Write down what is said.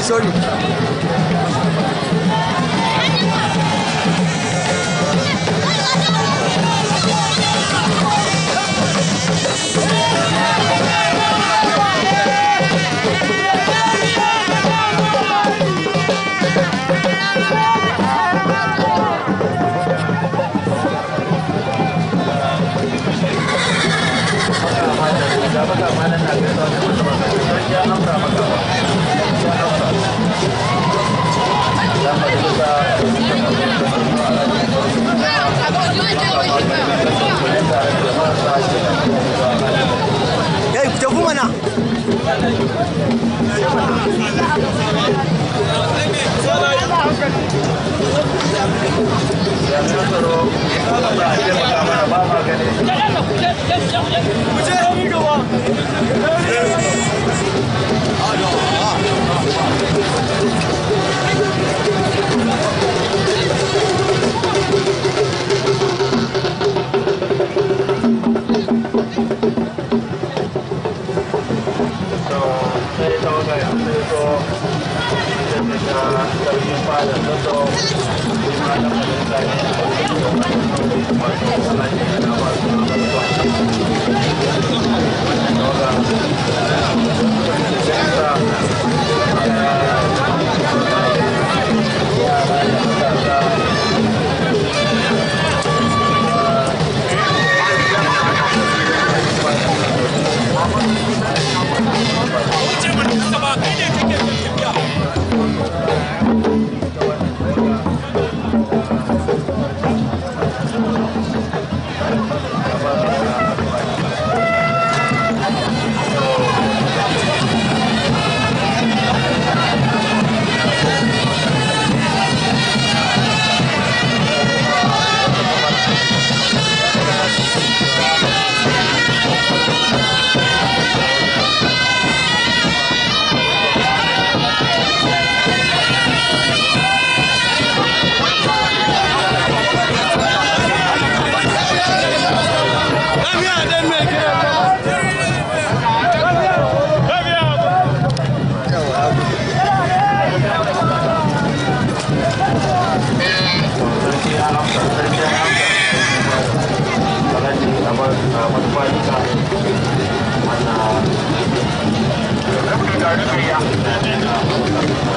isso hoje. Jami'an tsaro, Allah ba a taimaka mana ba ma gani. Terima kasih kerana menonton! Thank you.